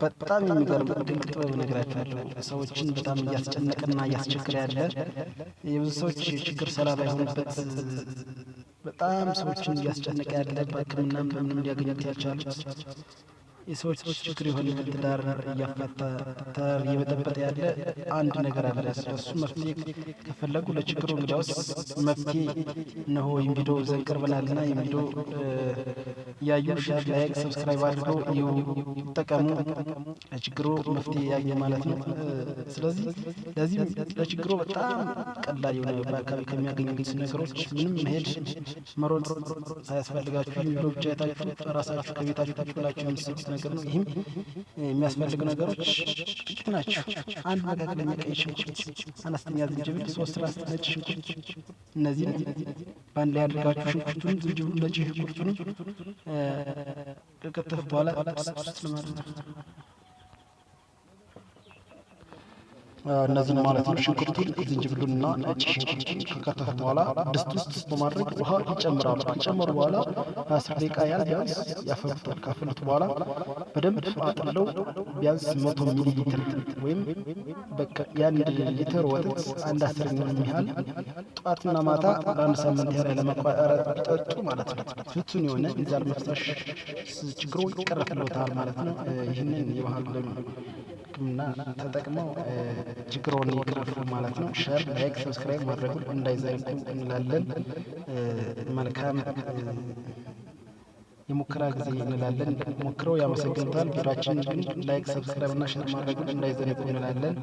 በጣም የሚገርም ድንቅ ጥበብ እነግራችኋለሁ። ሰዎችን በጣም እያስጨነቅና እያስቸግር ያለ የብዙ ሰዎች ችግር ሰላም ባይሆንበት በጣም ሰዎችን እያስጨነቀ ያለ በህክምናም በምንም ሊያገኙት ያልቻሉት የሰዎች ችግር የሆነ ትዳር እያፈታ እየበጠበጠ ያለ አንድ ነገር አለ። ስለሱ መፍትሄ ከፈለጉ ለችግሩ እንግዲያውስ መፍትሄ እነሆ የሚዶ ዘንቅር ብላልና የሚዶ እያዩ ሸር፣ ላይክ፣ ሰብስክራይብ አድርገው ይጠቀሙ። ለችግሩ መፍትሄ ያየ ማለት ነው። ስለዚህ ለዚህ ለችግሩ በጣም ቀላል የሆነ በአካባቢ ከሚያገኙት ነገሮች ምንም መሄድ መሮጥ ሳያስፈልጋችሁ የሚዶ ብቻ የታችሁ ራሳችሁ ከቤታችሁ ታችሁ ላችሁ ነገር ነው። ይህም የሚያስፈልጉ ነገሮች ጥቂት ናቸው። አንድ መካከለኛ ቀይ ሽንኩርት፣ አነስተኛ ዝንጅብል፣ ሶስት ራስ ነጭ ሽንኩርት። እነዚህ በአንድ ላይ አድርጋችሁ ሽንኩርቱን፣ ዝንጅብሉ፣ ነጭ ሽንኩርቱን ከከተፍ በኋላ ጥብስ ለማድረግ እነዚህን ነው ሽንኩርቱን፣ ዝንጅብሉንና ነጭ ሽንኩርቱን ከከተፉ በኋላ ድስት ውስጥ በማድረግ ውሃ ይጨምራሉ። ከጨመሩ በኋላ አስር ደቂቃ ያህል ቢያንስ ያፈሉታል። ካፈሉት በኋላ በደንብ አጥለው ቢያንስ መቶ ሚሊ ሊትር ወይም የአንድ ሊትር ወተት አንድ አስረኛ የሚያህል ጠዋትና ማታ ለአንድ ሳምንት ያህል ለመቋረጥ ቢጠጡ ማለት ነው ፍቱን የሆነ የዛር መፍሰሽ ችግሮ ይቀረፍለታል ማለት ነው። ይህንን የባህል ሕክምና ተጠቅመው ችግሮን ይቅረፉ ማለት ነው። ሸር፣ ላይክ፣ ሰብስክራይብ ማድረጉ እንዳይዘነጉ እንላለን። መልካም የሙከራ ጊዜ እንላለን። ሞክረው ያመሰግኑታል። ቪዲዮችን ላይክ፣ ሰብስክራይብ እና ሸር ማድረጉ እንዳይዘነጉ እንላለን።